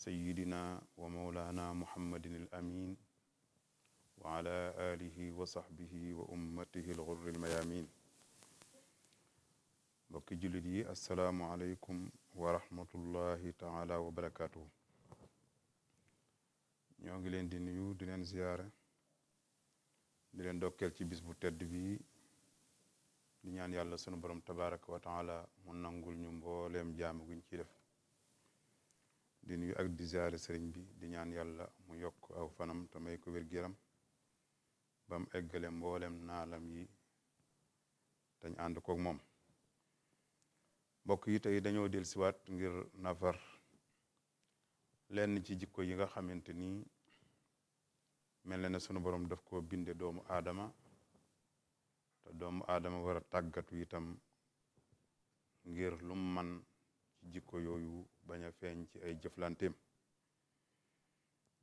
sayyidina wa mawlaana muhammadin al amin wa ala alihi wa sahbihi wa al ghurri al mayamin mbokki jullit yi assalaamu aleykum wa rahmatullahi taala wa barakaatuhu ñoo ngi leen di nuyu di leen ziyaara di leen dokkeel ci bis bu tedd bi di ñaan yàlla sunu borom tabaraka wa taala mu nangul ñu mbooleem jaamu guñ ci def di nuyu ak di ziare sëriñ bi di ñaan yàlla mu yokk aw fanam te may ko wér-gu-yaram ba mu eggale mboolem naalam yi dañ ànd koog moom mbokk yi tey dañoo dellusiwaat ngir nafar lenn ci jikko yi nga xamante ni mel na ne sunu borom daf ko binde doomu aadama te doomu aadama war a tàggatu itam ngir lu ci jikko yooyu bañ a feeñ ci ay jëflanteem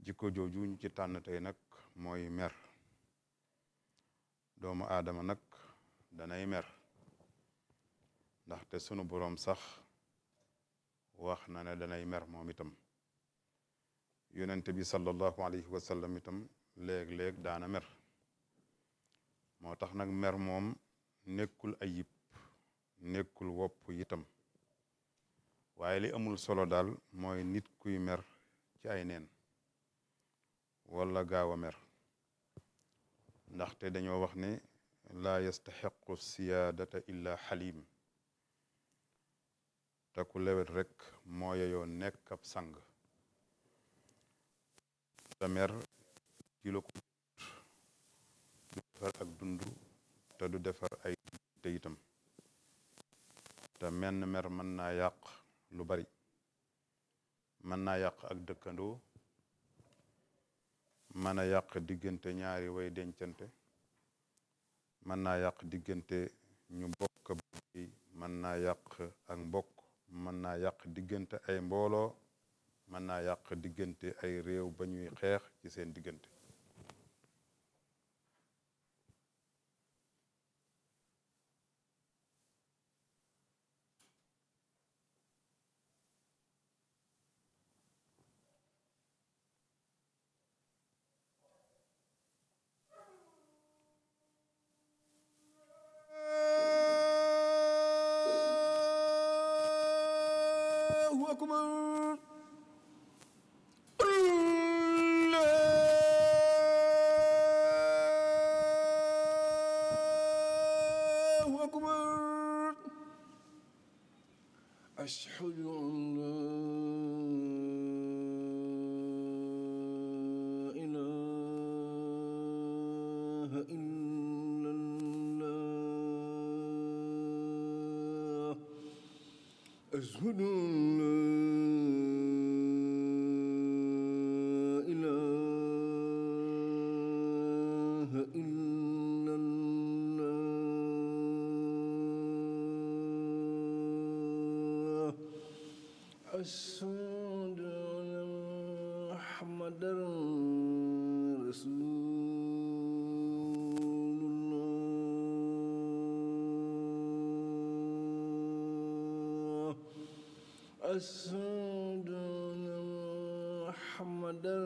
jikko jooju ñu ci tànn tey nag mooy mer doomu aadama nag danay mer ndaxte sunu boroom sax wax na ne danay mer moom itam yonente bi sallallahu alayhi wa sallam itam léeg-léeg daana mer moo tax nag mer moom nekkul ayib nekkul wopp itam waaye li amul solo daal mooy nit kuy mer ci ay neen wala gaaw a mer ndaxte dañoo wax ne laa yastaxiqu siyaadata illa xalim te lewet rek moo yeyoo nekk ab sang te mer ci la ko du defar ak dund te du defar ay te itam te menn mer mën naa yàq lu bari mën naa yàq ak dëkkandoo mën a yàq diggante ñaari way dencante mën naa yàq diggante ñu bokk bi mën naa yàq ak mbokk mën naa yàq diggante ay mbooloo mën naa yàq diggante ay réew ba ñuy xeex ci seen diggante وأشهد أن محمدا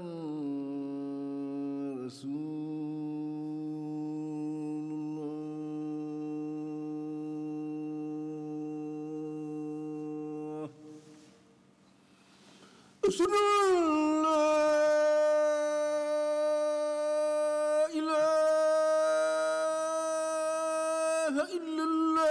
رسول الله أشهد أن لا إله إلا الله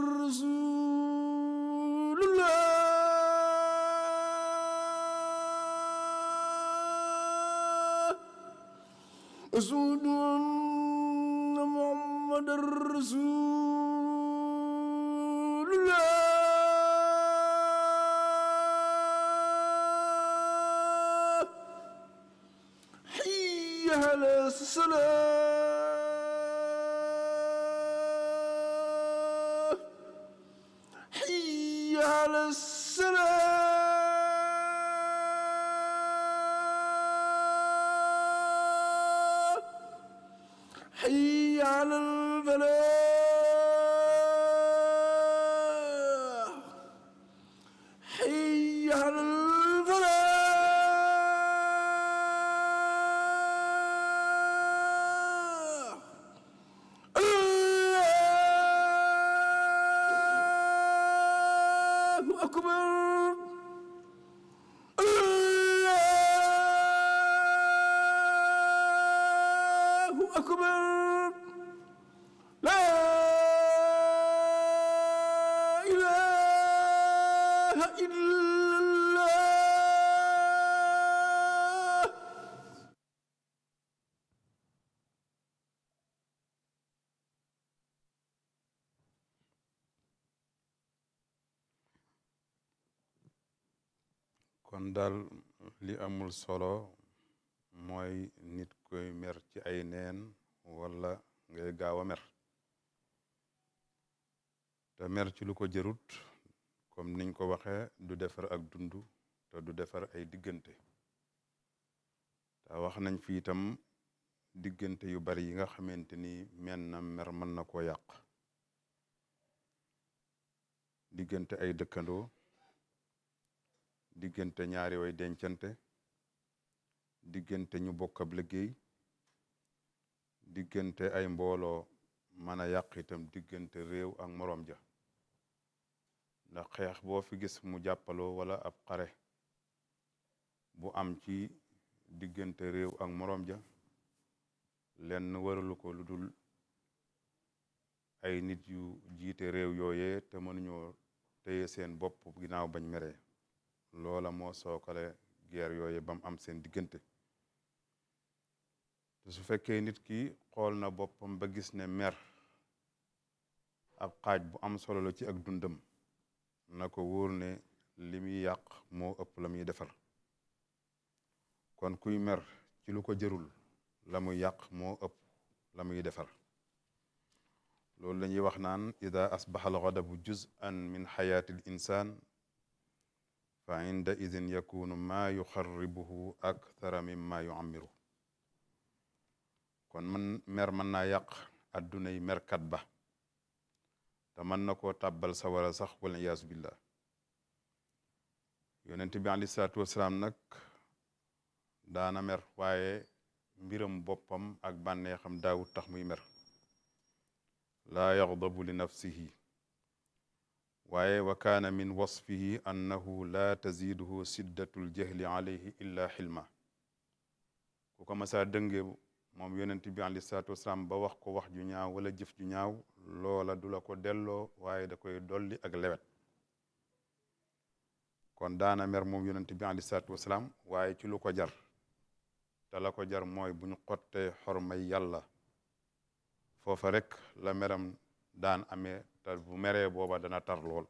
وأشهد أن محمد رسول الله حي على السلام أكبر solo mooy nit koy mer ci ay neen wala nga gaaw a mer te mer ci lu ko jërut comme niñ ko waxee du defar ak dundu te du defar ay diggante te wax nañ fi itam diggante yu bari yi nga xamante ni men na mer mën na koo yàq diggante ay dëkkandoo diggante ñaari way dencante diggante ñu bokk ab liggéey diggante ay mbooloo mën a yàq diggante réew ak moroom ja ndax xeex boo fi gis mu jàppaloo wala ab xare bu am ci diggante réew ak moroom ja lenn waralu ko lu dul ay nit yu jiite réew yooyee te mënuñoo téye seen bopp ginnaaw bañ meree loola moo sookale guerre yooye ba mu am seen diggante te su fekkee nit ki xool na boppam ba gis ne mer ab xaaj bu am solo la ci ak dundam na ko wóor ne li muy yàq moo ëpp la muy defar kon kuy mer ci lu ko jërul la muy yàq moo ëpp la muy defar loolu la ñuy wax naan ida asbaxa alxadabu juz'an min xayaat l insaan fa inda idin yakunu maa yuxarribuhu akthara mimma yuammiru kon man mer mën naa yàq addunay merkat ba te mën na ko tàbbal sawara sax wala yaasu billah yonent bi alei salaatu wasalaam nag daana mer waaye mbiram boppam ak banneexam daawut tax muy mer laa yaxdabu li waaye wa kaana min wasfihi annahu laa taziiduhu siddatul jahli alayhi illa xilma ku ko masaa dënge moom yonent bi alayhi salaatu ba wax ko wax ju ñaaw wala jëf ju ñaaw loola du la ko delloo waaye da koy dolli ak lewet kon daana mer moom yonent bi alayhi salaatu wasalaam waaye ci lu ko jar te la ko jar mooy bu ñu xottee xormay yàlla foofa rek la meram daan ame ta bu meree booba dana tar lool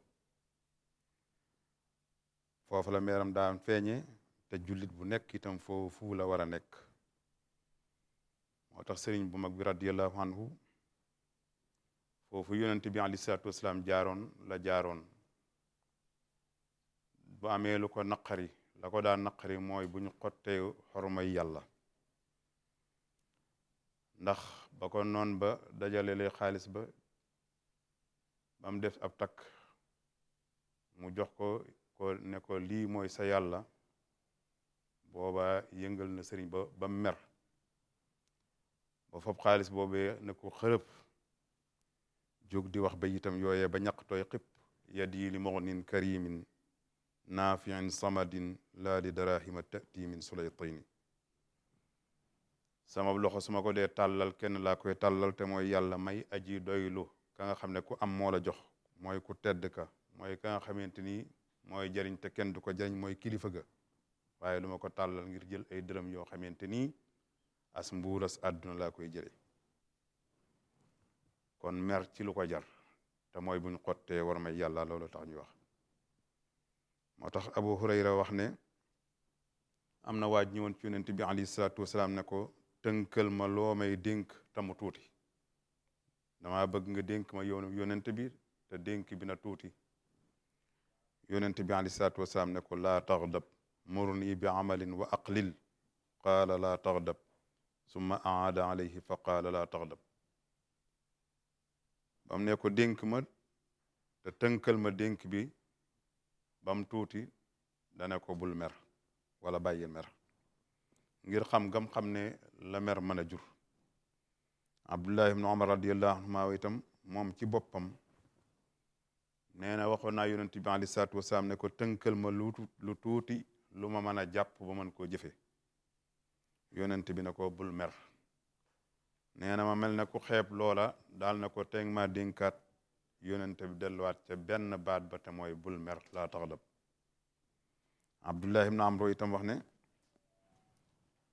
foofa la meram daan feeñe te julit bu nekk itam foofu la war a nekk moo tax sëriñ bu mag bi radiallahu anhu foofu yonent bi aleyhi salaatu wasalaam jaaroon la jaaroon bu amee ko naqari la ko daan naqari mooy bu ñu xottee xormay yàlla ndax ba ko noon ba dajale lay xaalis ba bam def ab takk mu jox ko ko ne ko lii mooy sa yàlla booba yëngal na sëriñ ba ba mer ba fab xaalis boobe na ko xërëb jóg wax ba itam yooyee ba ñaq tooy xip yad yi li moxnin karimin naafiin samadin laa di darahima tati min sulaytini sama loxo su ma ko dee tàllal kenn laa koy tàllal te mooy yàlla may aji doylu ka nga xam ne ku am moo jox mooy ku tedd ka mooy ka nga xamante ni mooy jariñ te kenn du ko jariñ mooy kilifa ga waaye du ma ko tàllal ngir jël ay dërëm yoo xamante ni as mbuur as àdduna laa koy jële kon mer ci lu ko jar te mooy buñ xottee war may yàlla loolu tax ñu wax moo tax abu hurayra wax ne am na waaj ñëwoon ci yonent bi alayhi salaatu wasalaam ko tënkal ma loo may tuuti dama bëgg nga dénk ma yoonu yonent bi te dénk bi na tuuti yonent bi alayhi salaatu wasalaam ne ko laa taxdab murni bi amalin wa aqlil qaala laa taxdab summa aada alayhi fa qaala la taxdab bam ne ko dénk ma te tënkal ma dénk bi bam tuuti ne ko bul mer wala bàyyi mer ngir xam gam xam ne la mer mën a jur abdullah ibn umar radiallahu anhuma itam moom ci boppam nee na waxoon naa yonent bi alei salaatu wasalaam ne ko tënkal ma lu lu tuuti lu ma mën a jàpp ba mën koo jëfe yonent bi na ko bul mer nee na ma mel na ku xeeb loola daal na ko teg ma dénkaat yonent bi delluwaat ca benn baat ba te mooy bul mer laa taxdab abdullah ibn amro itam wax ne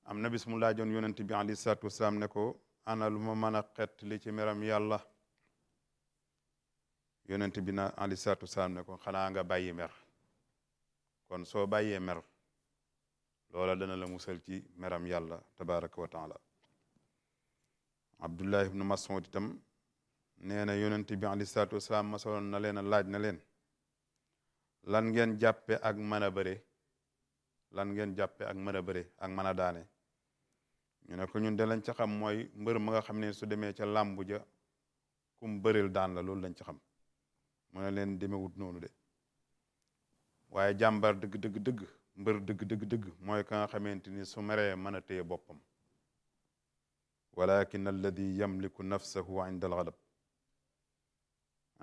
am na bis mu laajoon yonent bi alayhi salaatu ne ko ana lu ma mën a xet li ci meram yàlla yonent bi na alayhi salaatu ne ko xanaa nga bàyyi mer kon soo bàyyee mer loola dana la musal ci meram yàlla tabaraka wa taala abdullah nu mas'ud itam nee na yonent bi alei salatu wasalaam masaloon na leen a laaj na leen lan ngeen jàppe ak mën a lan ngeen jàppe ak mën a ak mën daane ñu ne ñun de lañ ca xam mooy mbër ma nga xam ne su demee ca làmbu ja kum bëril daan la loolu lañ ca xam mu ne leen demewut noonu de waaye jàmbar dëgg dëgg dëgg mbër dëgg dëgg dëgg mooy ka nga xamante ni su meree mën a téye boppam walakin alladi yamliku nafsahu inda alxalab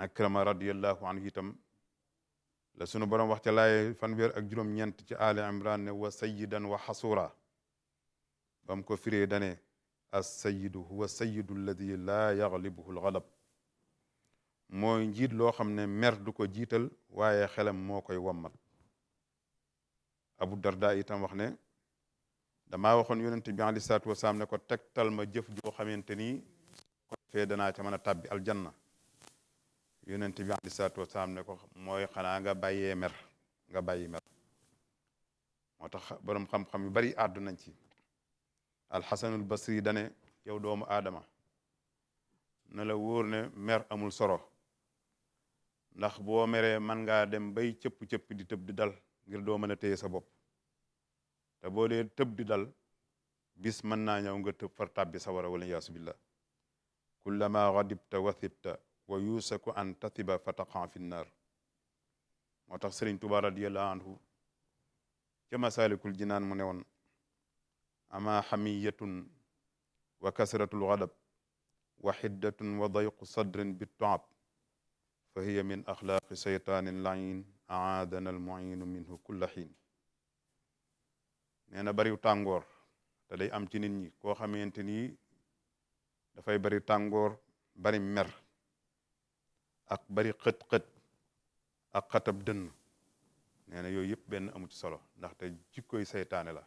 akrama radiallahu anhu itam la sunu borom wax ca laay fanweer ak juróom-ñeent ci ali imran ne wa sayidan wa xasura bam ko firee dane huwa sayidu alladi laa yaglibuhu alxalab mooy njiit loo xam ne mer du jiital waaye xelam moo koy wammat abu darda itam wax ne damaa waxoon yonente bi alei salaatu wasalaam ne ko tegtal ma jëf joo xamante ni ko fee danaa ca mën a tàbbi aljanna yonente bi alei salaatu wasalaam ne ko mooy xanaa nga bàyyee mer nga bàyyi mer moo tax boroom xam yu bari àddu nañ ci alxasanul basri dane yow doomu aadama na la wóor ne amul soro ndax boo meree man ngaa dem bay cëpp-cëpp di tëb di dal ngir doo mën a téye sa bopp te boo dee tëb di dal bis mën naa ñëw nga tëb far tàbbi sawara wala yaasu billah kullama gadibta wasibta wa an tasiba fa taqan fi nnaar moo tax sëriñ tuba radiallahu anhu ca masaalikul jinaan mu ne woon ama xamiyatun wa kasratul gadab wa xiddatun wa dayqu sadrin fa hiya min axlaaqi seytaanin layin aadana al muinu minhu kulla xiin nee na bariw tàngoor te day am ci nit ñi koo xamante ni dafay bari tàngoor bari mer ak bari xët-xët ak xatab dënn nee na yooyu yëpp benn amu ci solo ndaxte jikkoy seytaane la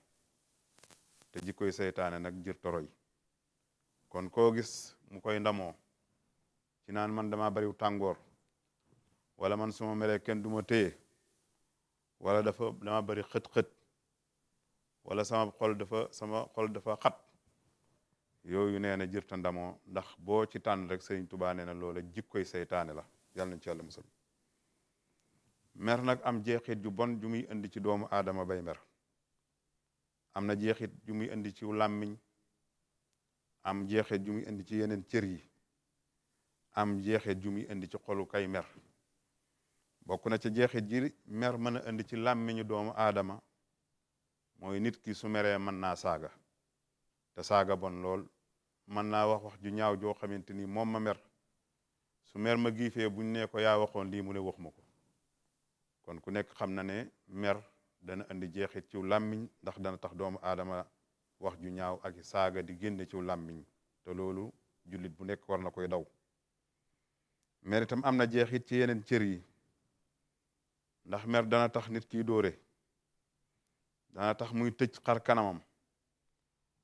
te jikkoy seytaane nag jër toroy kon koo gis mu koy ndamoo ci naan man dama bariw tàngoor wala man suma meree kenn du ma téye wala dafa dama bari xët-xët wala sama xol dafa sama xol dafa xat yooyu nee na jërta ndax boo ci tànn rek sëriñ Tuubaa nee na loola jikkoy seytaane la yàlla nañ ci yàlla musal mer nag am jeexit ju bon ju muy indi ci doomu aadama bay am na jeexit ju muy indi ci làmmiñ am jeexit ju muy indi ci yeneen cër yi am jeexit ju indi ci xolu kay mer bokk na ca jeexit ji mer mën a indi ci làmmiñu doomu aadama mooy nit ki su meree mën naa saaga te saaga bon lool mën naa wax wax ju ñaaw joo xamante ni moom ma mer su mer ma giifee buñ ne ko yaa waxoon lii mu ne wax ma ko kon ku nekk xam na ne mer dana indi jeexit ci làmmiñ ndax dana tax doomu aadama wax ju ñaaw ak saaga di génne ci làmmiñ te loolu jullit bu nekk war na koy daw mer itam am na jeexit ci yeneen cër yi ndax mer dana tax nit kiy doore dana tax muy tëj xar kanamam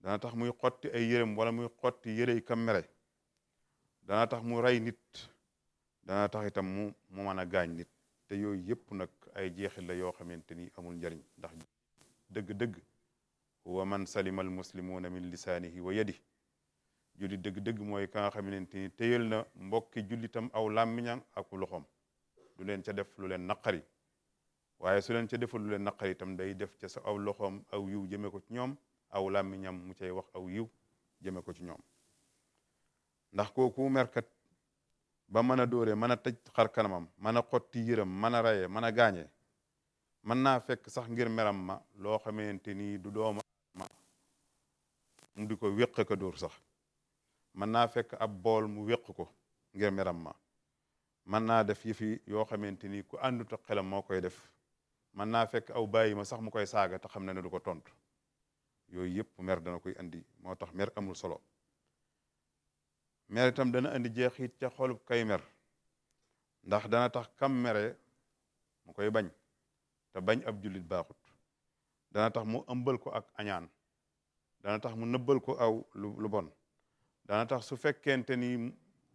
dana tax muy xotti ay yërëm wala muy xotti yërey kam mere dana tax mu rey nit dana tax itam mu mu mën a gaañ nit te yooyu yëpp nag ay jeexit la yoo xamante ni amul njariñ ndax dëgg-dëgg wa man salima al muslimuuna min lisaanihi wa yadihi jullit dëgg-dëgg mooy ka nga xamante ni téyal na mbokki jullitam aw làmmiñam ak loxoom du leen ca def lu leen naqari waaye su leen ca defal lu leen naqar itam day def ca sa aw loxoom aw yiw jëmee ko ci ñoom aw làmmiñam mu cay wax aw yiw jëmee ko ci ñoom ndax kooku merkat ba mën a dóore mën a tëj xar kanamam mën a xotti yëram mën a raye mën a gaañe mën naa fekk sax ngir meram ma loo xamante ni du dooma ma mu di ko wéq dóor sax mën naa fekk ab bool mu wéq ko ngir meram ma mën naa def yëfi yoo xamante ni ku àndut xelam moo koy def man naa fekk aw bàyyi ma sax mu koy saaga te xam na ne du ko tontu yooyu yëpp mer dana koy andi moo tax mer amul solo mer itam dana andi jeexit ca xolub kay mer ndax dana tax kam mere mu koy bañ te bañ ab julit baaxut dana tax mu ambal ko ak añaan dana tax mu nëbbal ko aw lu bon dana tax su fekkente ni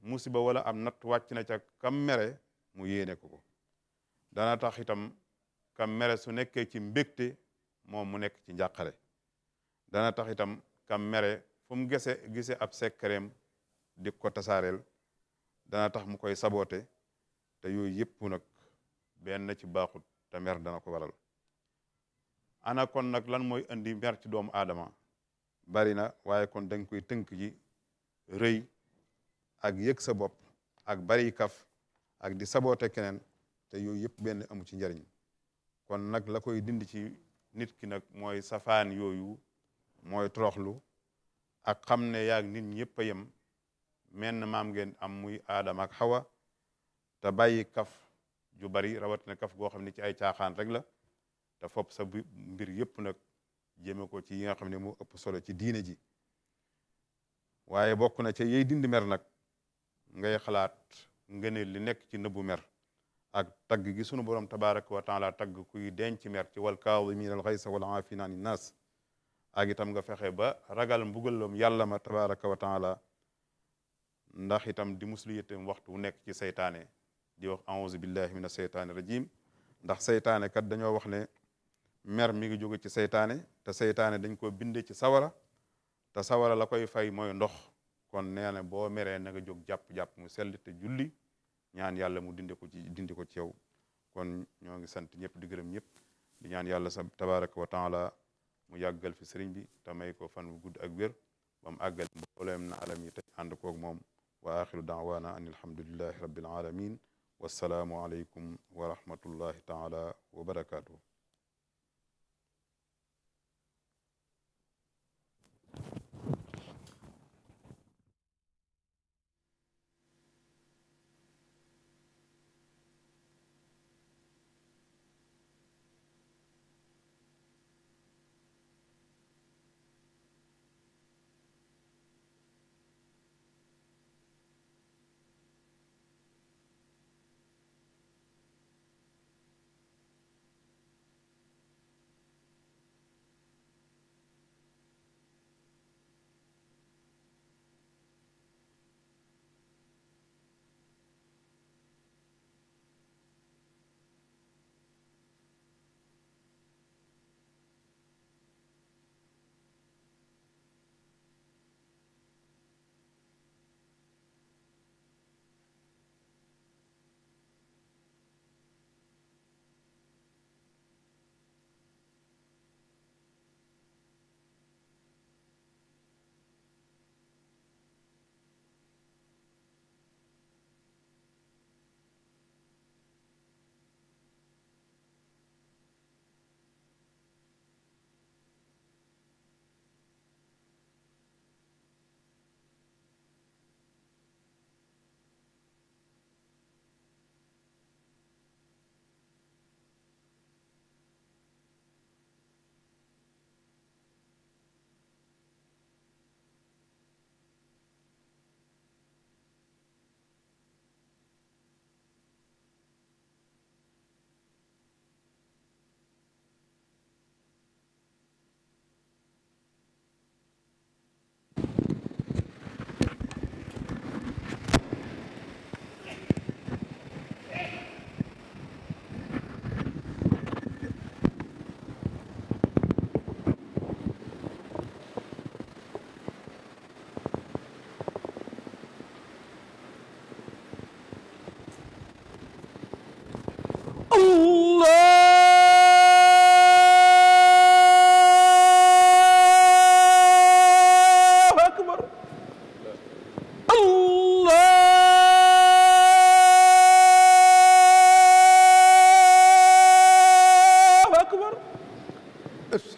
musiba wala am natt wàcc na ca kam mere mu yéene ko ko dana tax itam kam mere su nekkee ci mbégte moom mu nekk ci njàqare dana tax itam kam mere fu mu gese gise ab sekkareem di ko tasaareel dana tax mu koy saboote te yooyu yëpp nag benn ci baaxut te mer ko waral ana kon nag lan mooy indi mer ci doomu aadama bari na waaye kon dañ koy tënk ji rëy ak yëg sa bopp ak bari kaf ak di saboote keneen te yooyu yëpp benn amu ci njariñ kon nag la koy dindi ci nit ki nag mooy safaan yooyu mooy troxlu ak xam ne yaag nit ñëpp a yem menn maam ngeen am muy aadama ak xawa te bàyyi kaf ju bari rawatina kaf goo xam ne ci ay caaxaan rek la te fopp sa mbir yëpp nag jéeme ko ci yi nga xam ne moo ëpp solo ci diine ji waaye bokk na ca yey dindi mer nag ngay xalaat ngëneel li nekk ci nëbbu mer ak tagg gi sunu borom tabaraka wa taala tagg kuy denc mer ci wal kaadimiina al xaysa wal aafina ani naas ak itam nga fexe ba ragal mbugalam yàlla ma tabaraka wa taala ndax itam di muslu itam waxtu nekk ci seytaane di wax auzu billahi min aseytaani rajim ndax seytaane kat dañoo wax ne mer mi ngi jóge ci seytaane te seytaane dañ ko binde ci sawara te sawara la koy fay mooy ndox kon nee na boo meree na nga jóg jàpp-jàpp mu sell julli ñaan yàlla mu dindi ko ci dindi ko ci yow kon ñoo ngi sant ñëpp di gërëm ñëpp ñaan yàlla sa tabaraka wa taala mu yàggal fi sëriñ bi te may ko fan wu gudd ak wér ba mu àggal mbooleem na alam yi te ànd koog moom wa axiru daawaana an alhamdulillahi rabbil alamin wassalaamu aleykum wa rahmatullahi taala wa barakaatuhu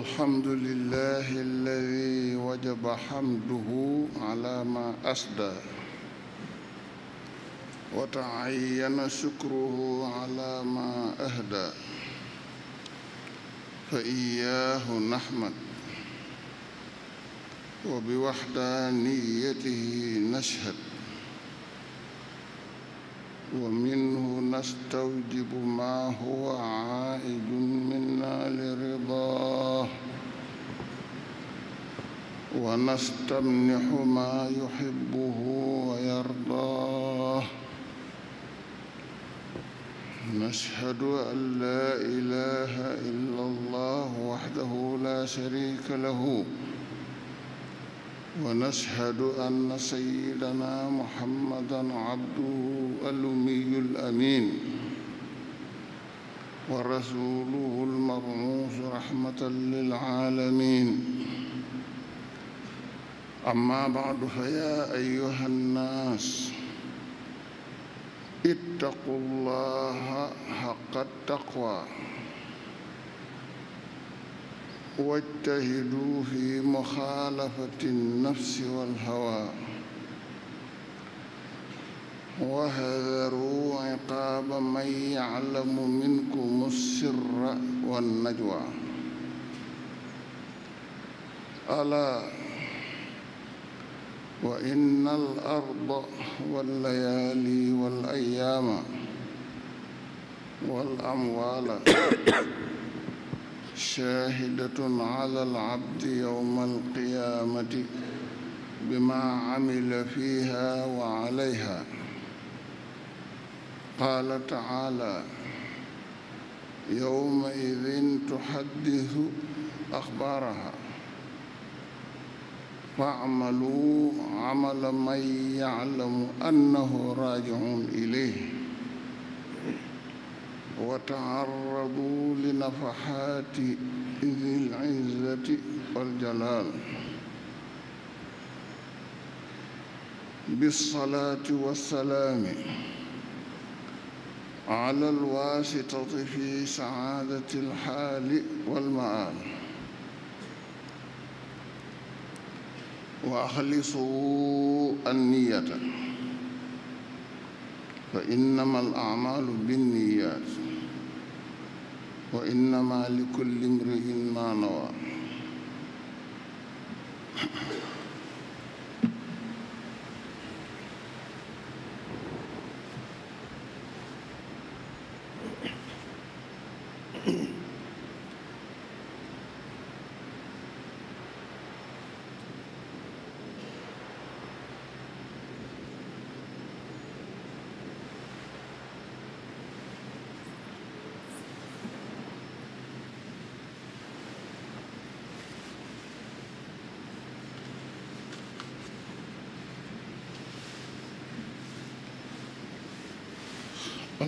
الحمد لله الذي وجب حمده على ما أسدى وتعين شكره على ما أهدى فإياه نحمد وبوحدانيته نشهد ومنه نستوجب ما هو عائد منا لرضاه ونستمنح ما يحبه ويرضاه نشهد أن لا إله إلا الله وحده لا شريك له ونشهد أن سيدنا محمدًا عبده الأمي الأمين ورسوله المبعوث رحمة للعالمين أما بعد فيا أيها الناس اتقوا الله حق التقوى واجتهدوا في مخالفة النفس والهوى واحذروا عقاب من يعلم منكم السر والنجوى ألا وإن الأرض والليالي والأيام والأموال shahidatun ala al-abdi yawma al-qiyamati bima amila fiha wa alayha qala ta'ala yawma idhin tuhaddithu akhbaraha fa'malu amala man ya'lamu annahu raji'un ilayhi وتعرضوا لنفحات ذي العزة والجلال بالصلاة والسلام على الواسطة في سعادة الحال والمآل وأخلصوا النية فإنما الأعمال بالنيات wa innama likulli imri'in ma nawa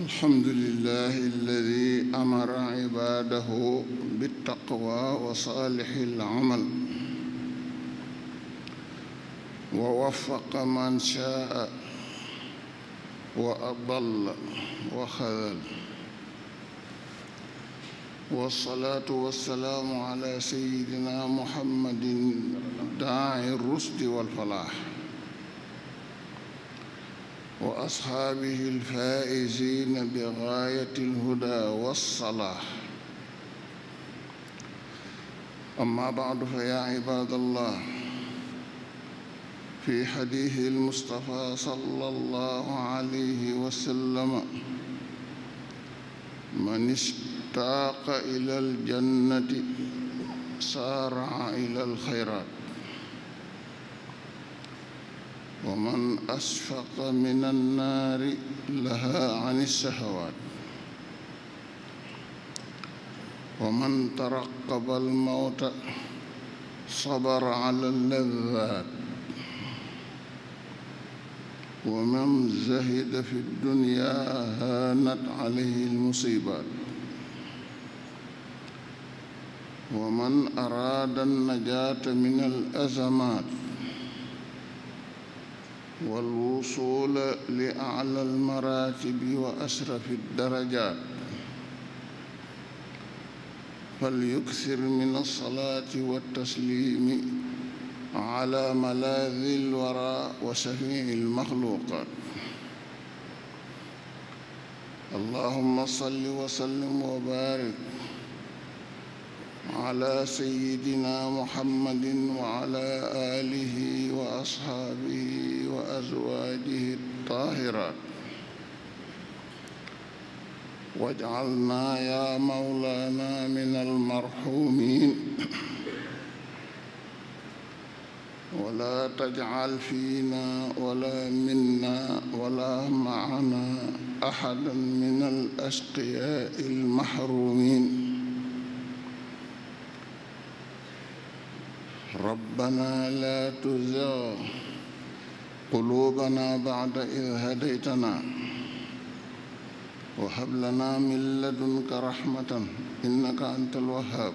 الحمد لله الذي أمر عباده بالتقوى وصالح العمل ووفق من شاء وأضل وخذل والصلاة والسلام على سيدنا محمد داعي الرشد والفلاح وأصحابه الفائزين بغاية الهدى والصلاح أما بعد فيا عباد الله في حديث المصطفى صلى الله عليه وسلم من اشتاق إلى الجنة سارع إلى الخيرات ومن أشفق من النار لها عن الشهوات ومن ترقب الموت صبر على اللذات ومن زهد في الدنيا هانت عليه المصيبات ومن أراد النجاة من الأزمات والوصول لأعلى المراتب وأشرف الدرجات فليكثر من الصلاة والتسليم على ملاذ الورى وشفيع المخلوقات اللهم صل وسلم وبارك على سيدنا محمد وعلى آله وأصحابه وأزواجه الطاهرة واجعلنا يا مولانا من المرحومين ولا تجعل فينا ولا منا ولا معنا أحدا من الأشقياء المحرومين ربنا لا تزغ قلوبنا بعد إذ هديتنا وهب لنا من لدنك رحمة إنك أنت الوهاب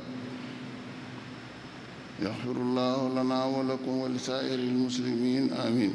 يغفر الله لنا ولكم ولسائر المسلمين آمين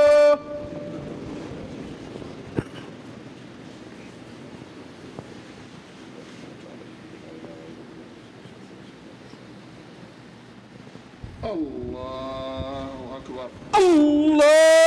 الله أكبر الله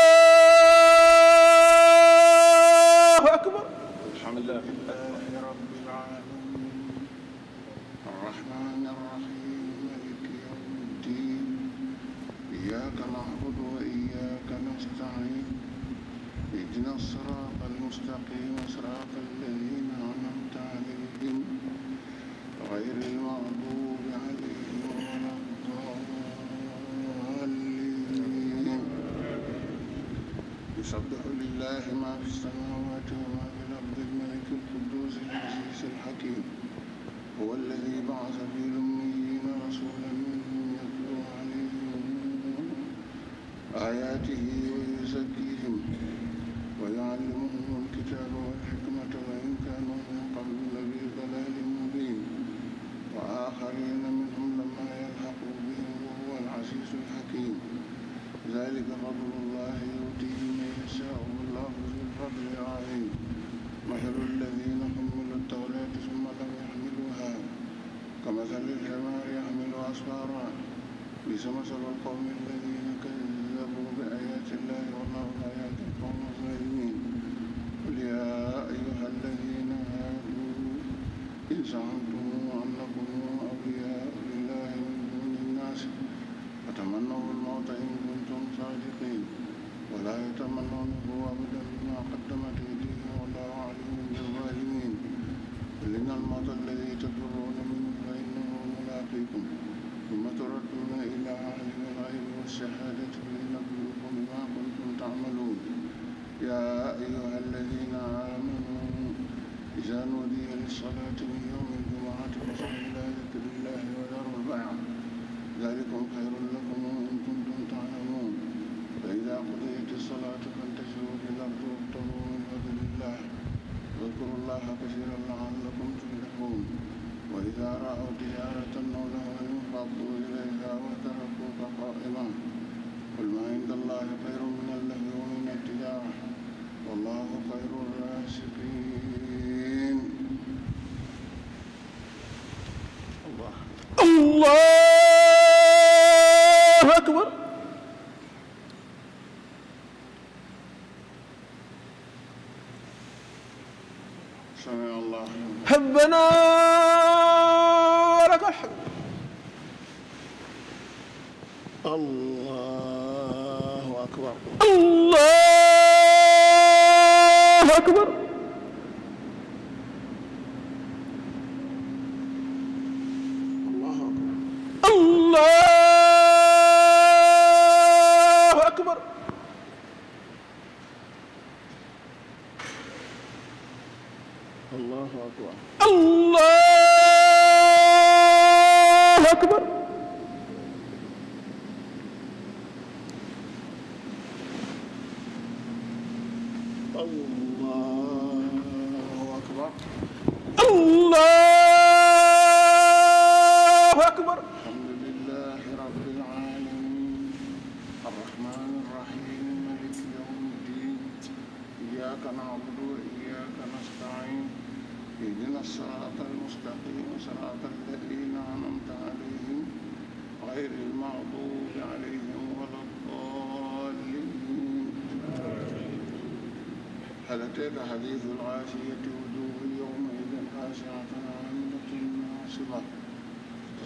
allahu akbar اهدنا الصراط المستقيم صراط الذين أنعمت عليهم غير المغضوب عليهم ولا الضالين هل أتاك حديث العافية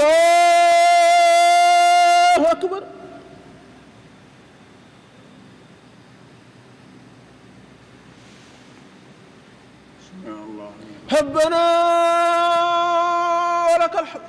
allahu akbar rabbana wa lakal hamd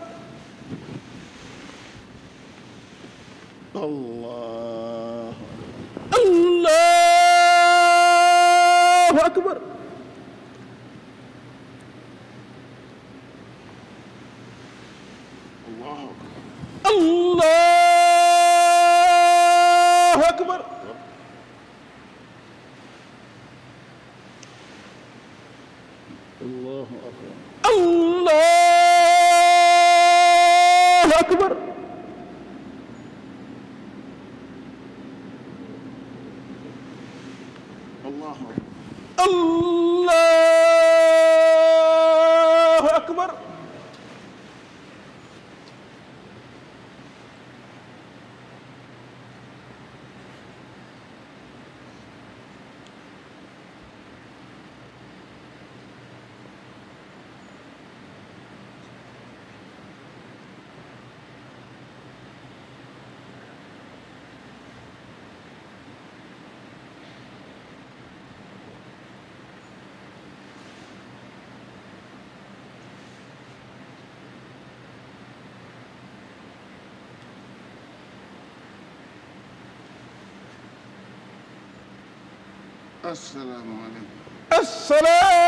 asalaamaaleykum.